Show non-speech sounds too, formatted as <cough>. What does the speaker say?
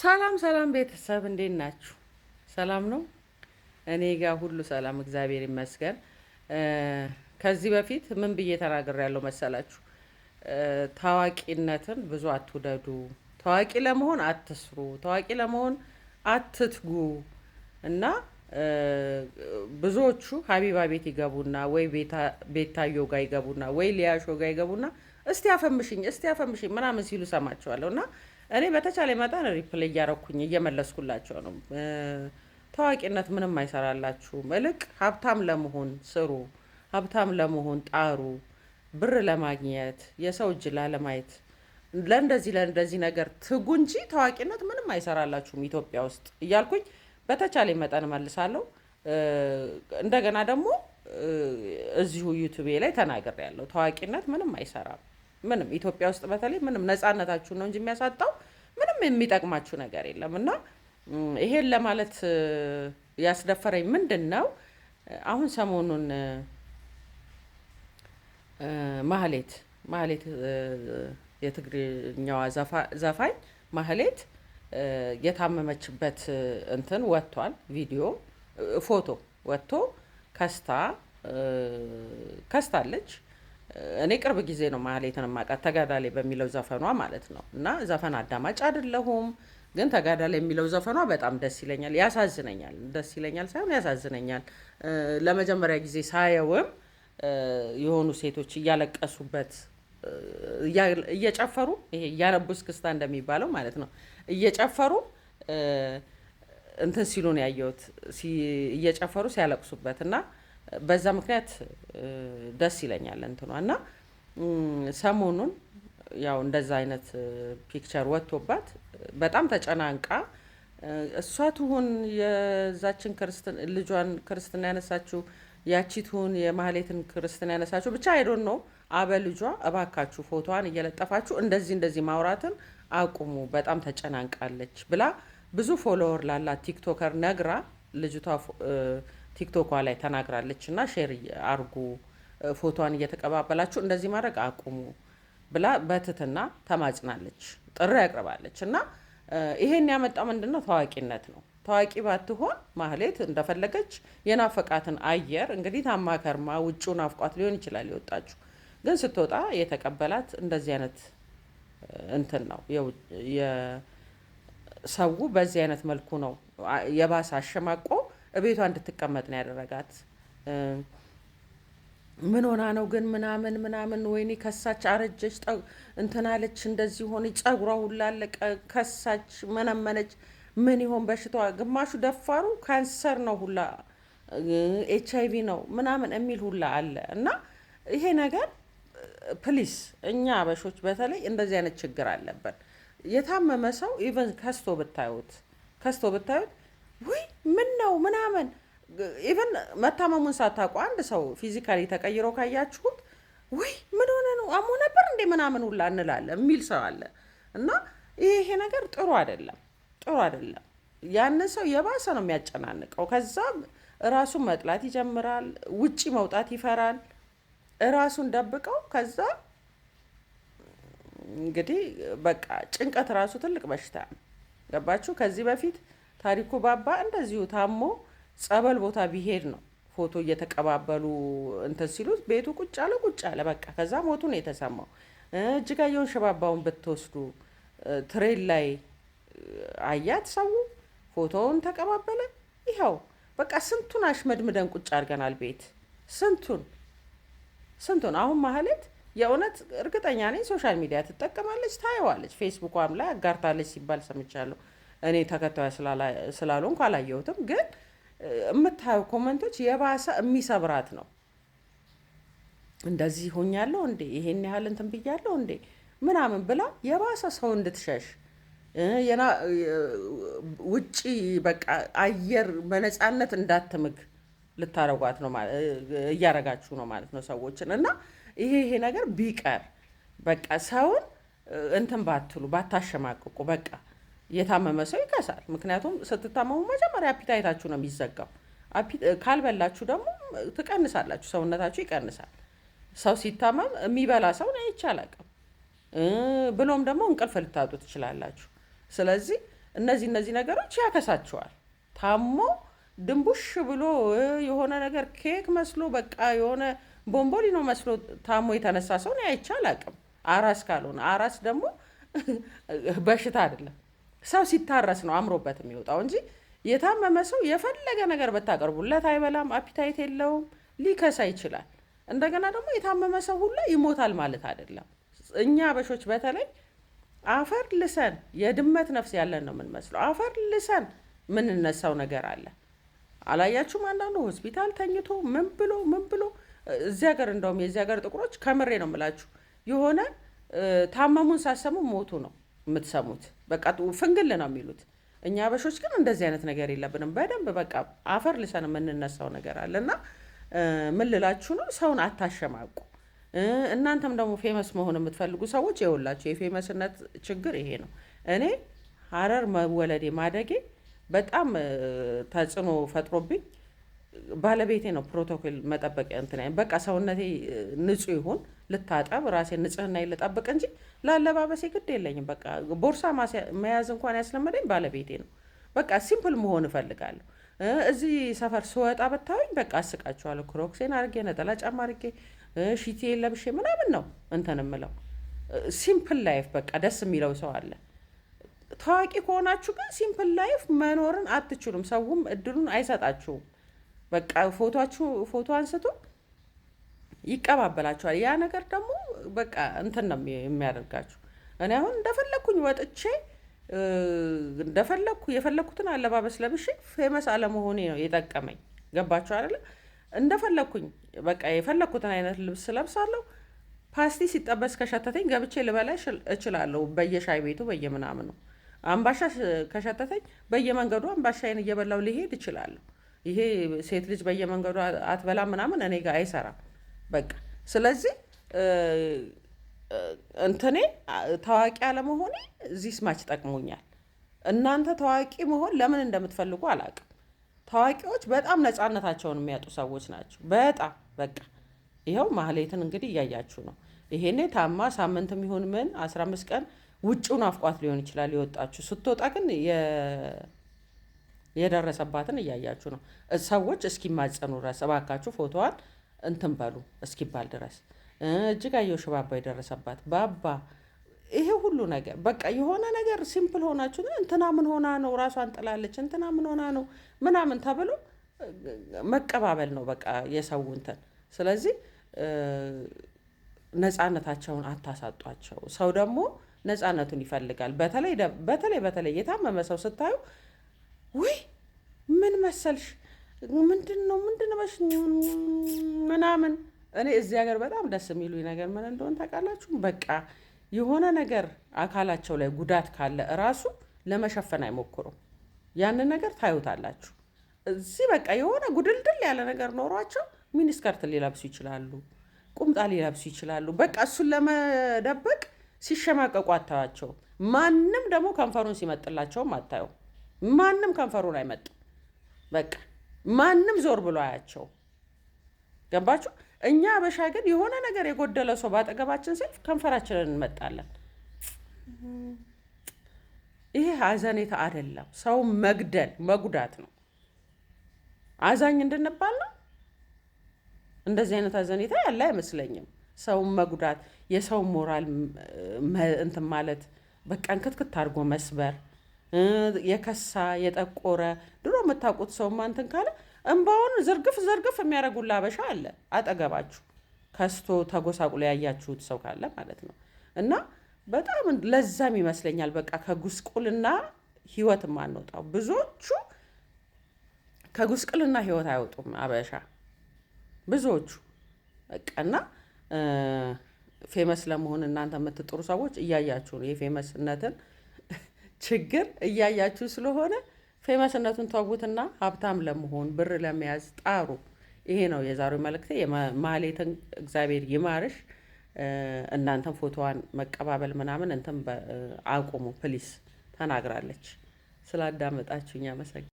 ሰላም ሰላም ቤተሰብ እንዴት ናችሁ? ሰላም ነው። እኔ ጋ ሁሉ ሰላም እግዚአብሔር ይመስገን። ከዚህ በፊት ምን ብዬ ያለው መሰላችሁ? ታዋቂነትን ብዙ አትውደዱ፣ ታዋቂ ለመሆን አትስሩ፣ ታዋቂ ለመሆን አትትጉ እና ብዙዎቹ ሀቢባ ቤት ይገቡና ወይ ቤታዮ ጋር ይገቡና ወይ ሊያሾ ጋ ይገቡና እስቲ አፈምሽኝ እስቲ አፈምሽኝ ምናምን ሲሉ ሰማቸዋለሁ እና እኔ በተቻለ መጠን ሪፕል እያረኩኝ እየመለስኩላቸው ነው። ታዋቂነት ምንም አይሰራላችሁም። እልቅ ሀብታም ለመሆን ስሩ፣ ሀብታም ለመሆን ጣሩ፣ ብር ለማግኘት የሰው እጅ ላለማየት ለእንደዚህ ለእንደዚህ ነገር ትጉ እንጂ ታዋቂነት ምንም አይሰራላችሁም ኢትዮጵያ ውስጥ እያልኩኝ በተቻለ መጠን መልሳለሁ። እንደገና ደግሞ እዚሁ ዩቱቤ ላይ ተናግሬያለሁ። ታዋቂነት ምንም አይሰራም። ምንም ኢትዮጵያ ውስጥ በተለይ ምንም ነፃነታችሁን ነው እንጂ የሚያሳጣው ምንም የሚጠቅማችሁ ነገር የለም። እና ይሄን ለማለት ያስደፈረኝ ምንድን ነው አሁን ሰሞኑን ማህሌት ማህሌት የትግርኛዋ ዘፋኝ ማህሌት የታመመችበት እንትን ወጥቷል። ቪዲዮ ፎቶ ወጥቶ ከስታ ከስታለች እኔ ቅርብ ጊዜ ነው ማህሌትን የማውቃት ተጋዳሌ በሚለው ዘፈኗ ማለት ነው። እና ዘፈን አዳማጭ አይደለሁም፣ ግን ተጋዳሌ የሚለው ዘፈኗ በጣም ደስ ይለኛል፣ ያሳዝነኛል። ደስ ይለኛል ሳይሆን ያሳዝነኛል። ለመጀመሪያ ጊዜ ሳየውም የሆኑ ሴቶች እያለቀሱበት እየጨፈሩ ይሄ እያነቡ እስክስታ እንደሚባለው ማለት ነው እየጨፈሩ እንትን ሲሉን ያየሁት እየጨፈሩ ሲያለቅሱበት እና በዛ ምክንያት ደስ ይለኛል እንትኗ እና ሰሞኑን ያው እንደዛ አይነት ፒክቸር ወጥቶባት በጣም ተጨናንቃ እሷ ትሁን የዛችን ልጇን ክርስትና ያነሳችው ያቺ ትሁን የማህሌትን ክርስትና ያነሳችሁ ብቻ አይዶን ነው አበ ልጇ እባካችሁ ፎቶዋን እየለጠፋችሁ እንደዚህ እንደዚህ ማውራትን አቁሙ፣ በጣም ተጨናንቃለች ብላ ብዙ ፎሎወር ላላት ቲክቶከር ነግራ ልጅቷ ቲክቶኳ ላይ ተናግራለች እና ሼር አርጉ፣ ፎቶዋን እየተቀባበላችሁ እንደዚህ ማድረግ አቁሙ ብላ በትትና ተማጽናለች፣ ጥሪ ያቅርባለች እና ይሄን ያመጣ ምንድነው ታዋቂነት ነው። ታዋቂ ባትሆን ማህሌት እንደፈለገች የናፈቃትን አየር እንግዲህ ታማከርማ ውጭው ናፍቋት ሊሆን ይችላል የወጣችሁ ግን ስትወጣ የተቀበላት እንደዚህ አይነት እንትን ነው። ሰው በዚህ አይነት መልኩ ነው የባሰ አሸማቆ ቤቷ እንድትቀመጥ ነው ያደረጋት። ምን ሆና ነው ግን ምናምን ምናምን፣ ወይኔ ከሳች፣ አረጀች፣ እንትናለች፣ እንደዚህ ሆነች፣ ጸጉሯ ሁላ ከሳች፣ መነመነች። ምን ይሆን በሽታዋ? ግማሹ ደፋሩ ካንሰር ነው ሁላ ኤች አይቪ ነው ምናምን የሚል ሁላ አለ እና ይሄ ነገር ፕሊስ፣ እኛ አበሾች በተለይ እንደዚህ አይነት ችግር አለብን። የታመመ ሰው ኢቨን ከስቶ ብታዩት ከስቶ ብታዩት ውይ ምን ነው ምናምን ኢቨን መታመሙን ሳታውቁ አንድ ሰው ፊዚካሊ ተቀይሮ ካያችሁት ውይ ምን ሆነ ነው አሞ ነበር እንዴ ምናምን ሁላ እንላለን የሚል ሰው አለ። እና ይሄ ነገር ጥሩ አይደለም፣ ጥሩ አይደለም። ያን ሰው የባሰ ነው የሚያጨናንቀው። ከዛ ራሱን መጥላት ይጀምራል። ውጪ መውጣት ይፈራል። ራሱን ደብቀው ከዛ እንግዲህ በቃ ጭንቀት ራሱ ትልቅ በሽታ ነው። ገባችሁ? ከዚህ በፊት ታሪኩ ባባ እንደዚሁ ታሞ ጸበል ቦታ ቢሄድ ነው ፎቶ እየተቀባበሉ እንትን ሲሉ ቤቱ ቁጭ አለ ቁጭ አለ በቃ። ከዛ ሞቱ ነው የተሰማው። እጅጋየውን ሽባባውን ብትወስዱ ትሬን ላይ አያት ሰው ፎቶውን ተቀባበለ። ይኸው በቃ ስንቱን አሽመድምደን ቁጭ አድርገናል ቤት ስንቱን ስንቱን አሁን ማህሌት የእውነት እርግጠኛ ነኝ ሶሻል ሚዲያ ትጠቀማለች፣ ታየዋለች። ፌስቡኳም ላይ አጋርታለች ሲባል ሰምቻለሁ። እኔ ተከታዮች ስላልሆንኩ አላየሁትም፣ ግን የምታየው ኮመንቶች የባሰ የሚሰብራት ነው። እንደዚህ ሆኛለሁ እንዴ ይሄን ያህል እንትን ብያለሁ እንዴ ምናምን ብላ የባሰ ሰው እንድትሸሽ ውጪ በቃ አየር በነፃነት እንዳትምግ ልታረጓት ነው እያረጋችሁ ነው ማለት ነው ሰዎችን እና ይሄ ይሄ ነገር ቢቀር በቃ ሰውን እንትን ባትሉ ባታሸማቅቁ በቃ የታመመ ሰው ይከሳል። ምክንያቱም ስትታመሙ መጀመሪያ አፒታይታችሁ ነው የሚዘጋው። ካልበላችሁ ደግሞ ትቀንሳላችሁ፣ ሰውነታችሁ ይቀንሳል። ሰው ሲታመም የሚበላ ሰው ነው አይቻላቅም። ብሎም ደግሞ እንቅልፍ ልታጡ ትችላላችሁ። ስለዚህ እነዚህ እነዚህ ነገሮች ያከሳችኋል። ታሞ ድንቡሽ ብሎ የሆነ ነገር ኬክ መስሎ በቃ የሆነ ነው መስሎ ታሞ የተነሳ ሰው ነው አይቻላቅም። አራስ ካልሆነ አራስ ደግሞ <laughs> በሽታ አይደለም ሰው ሲታረስ ነው አምሮበት የሚወጣው እንጂ የታመመ ሰው የፈለገ ነገር በታቀርቡለት አይበላም፣ አፒታይት የለውም፣ ሊከሳ ይችላል። እንደገና ደግሞ የታመመ ሰው ሁላ ይሞታል ማለት አይደለም። እኛ አበሾች በተለይ አፈር ልሰን የድመት ነፍስ ያለን ነው የምንመስለው። አፈር ልሰን የምንነሳው ነገር አለ። አላያችሁም? አንዳንዱ ሆስፒታል ተኝቶ ምን ብሎ ምን ብሎ እዚህ ሀገር እንደውም የዚህ ሀገር ጥቁሮች ከምሬ ነው የምላችሁ የሆነ ታመሙን ሳሰሙ ሞቱ ነው የምትሰሙት። በቃ ፍንግል ነው የሚሉት። እኛ አበሾች ግን እንደዚህ አይነት ነገር የለብንም። በደንብ በቃ አፈር ልሰን የምንነሳው ነገር አለና ምን ልላችሁ ነው፣ ሰውን አታሸማቁ። እናንተም ደግሞ ፌመስ መሆን የምትፈልጉ ሰዎች የውላችሁ የፌመስነት ችግር ይሄ ነው። እኔ ሀረር መወለዴ ማደጌ በጣም ተጽዕኖ ፈጥሮብኝ ባለቤቴ ነው ፕሮቶኮል መጠበቅ እንትን በቃ ሰውነቴ ንጹህ ይሁን ልታጠብ ራሴ ንጽህና ልጠብቅ እንጂ ለአለባበሴ ግድ የለኝም። በቃ ቦርሳ መያዝ እንኳን ያስለመደኝ ባለቤቴ ነው። በቃ ሲምፕል መሆን እፈልጋለሁ። እዚህ ሰፈር ስወጣ ብታዩኝ በቃ አስቃችኋለሁ። ክሮክሴን አርጌ ነጠላ ጫማ አርጌ ሺቴ ለብሼ ምናምን ነው እንትን ምለው። ሲምፕል ላይፍ በቃ ደስ የሚለው ሰው አለ። ታዋቂ ከሆናችሁ ግን ሲምፕል ላይፍ መኖርን አትችሉም። ሰውም እድሉን አይሰጣችሁም። በቃ ፎቶችሁ ፎቶ አንስቶ ይቀባበላችኋል። ያ ነገር ደግሞ በቃ እንትን ነው የሚያደርጋችሁ። እኔ አሁን እንደፈለግኩኝ ወጥቼ እንደፈለግኩ የፈለግኩትን አለባበስ ለብሼ ፌመስ አለመሆኔ ነው የጠቀመኝ። ገባችሁ አይደለ? እንደፈለግኩኝ በቃ የፈለግኩትን አይነት ልብስ ለብሳለሁ። ፓስቲ ሲጠበስ ከሸተተኝ ገብቼ ልበላ እችላለሁ፣ በየሻይ ቤቱ በየምናምኑ። አምባሻ ከሸተተኝ በየመንገዱ አምባሻይን እየበላው ሊሄድ እችላለሁ። ይሄ ሴት ልጅ በየመንገዱ አትበላ ምናምን እኔ ጋር አይሰራም። በቃ ስለዚህ እንትኔ ታዋቂ አለመሆኔ እዚህ ስማች ጠቅሞኛል። እናንተ ታዋቂ መሆን ለምን እንደምትፈልጉ አላውቅም። ታዋቂዎች በጣም ነፃነታቸውን የሚያጡ ሰዎች ናቸው። በጣም በቃ ይኸው ማህሌትን እንግዲህ እያያችሁ ነው። ይሄኔ ታማ ሳምንት የሚሆን ምን አስራ አምስት ቀን ውጭውን አፍቋት ሊሆን ይችላል የወጣችሁ ስትወጣ ግን የደረሰባትን እያያችሁ ነው። ሰዎች እስኪማጸኑ ድረስ እባካችሁ ፎቶዋን እንትን በሉ እስኪባል ድረስ እጅጋየሁ ሽባባ የደረሰባት ባባ ይሄ ሁሉ ነገር በቃ የሆነ ነገር ሲምፕል ሆናችሁ እንትና ምን ሆና ነው ራሷን ጥላለች፣ እንትና ምን ሆና ነው ምናምን ተብሎ መቀባበል ነው በቃ የሰው እንትን። ስለዚህ ነፃነታቸውን አታሳጧቸው። ሰው ደግሞ ነፃነቱን ይፈልጋል። በተለይ በተለይ በተለይ የታመመ ሰው ስታዩ ውይ ምን መሰልሽ ምንድን ነው ምንድን በሽ ምናምን። እኔ እዚህ ሀገር በጣም ደስ የሚሉ ነገር ምን እንደሆን ታውቃላችሁ? በቃ የሆነ ነገር አካላቸው ላይ ጉዳት ካለ እራሱ ለመሸፈን አይሞክሩም። ያንን ነገር ታዩታላችሁ። እዚህ በቃ የሆነ ጉድልድል ያለ ነገር ኖሯቸው ሚኒስከርት ሊለብሱ ይችላሉ፣ ቁምጣ ሊለብሱ ይችላሉ። በቃ እሱን ለመደበቅ ሲሸማቀቁ አታያቸውም። ማንም ደግሞ ከንፈሩን ሲመጥላቸውም አታየው። ማንም ከንፈሩን አይመጡም። በቃ ማንም ዞር ብሎ አያቸው። ገባችሁ? እኛ አበሻ ግን የሆነ ነገር የጎደለ ሰው ባጠገባችን ሲል ከንፈራችንን እንመጣለን። ይሄ ሀዘኔታ አይደለም፣ ሰው መግደል መጉዳት ነው። አዛኝ እንድንባል ነው። እንደዚህ አይነት አዘኔታ ያለ አይመስለኝም። ሰውን መጉዳት፣ የሰው ሞራል እንትን ማለት በቃ እንክትክት አድርጎ መስበር የከሳ የጠቆረ ድሮ የምታውቁት ሰው ማንትን ካለ እንባውን ዝርግፍ ዝርግፍ የሚያደርጉላ አበሻ አለ አጠገባችሁ ከስቶ ተጎሳቁሎ ያያችሁት ሰው ካለ ማለት ነው። እና በጣም ለዛም ይመስለኛል በቃ ከጉስቁልና ህይወት ማንወጣው ብዙዎቹ ከጉስቅልና ህይወት አይወጡም አበሻ ብዙዎቹ በቃና ፌመስ ለመሆን እናንተ የምትጥሩ ሰዎች እያያችሁ ነው የፌመስነትን ችግር እያያችሁ ስለሆነ ፌመስነቱን ተዉትና ሀብታም ለመሆን ብር ለመያዝ ጣሩ። ይሄ ነው የዛሬው መልእክቴ። ማህሌትን እግዚአብሔር ይማርሽ። እናንተን ፎቶዋን መቀባበል ምናምን እንትን አቁሙ ፕሊስ። ተናግራለች። ስላዳመጣችሁኝ አመሰግናለሁ።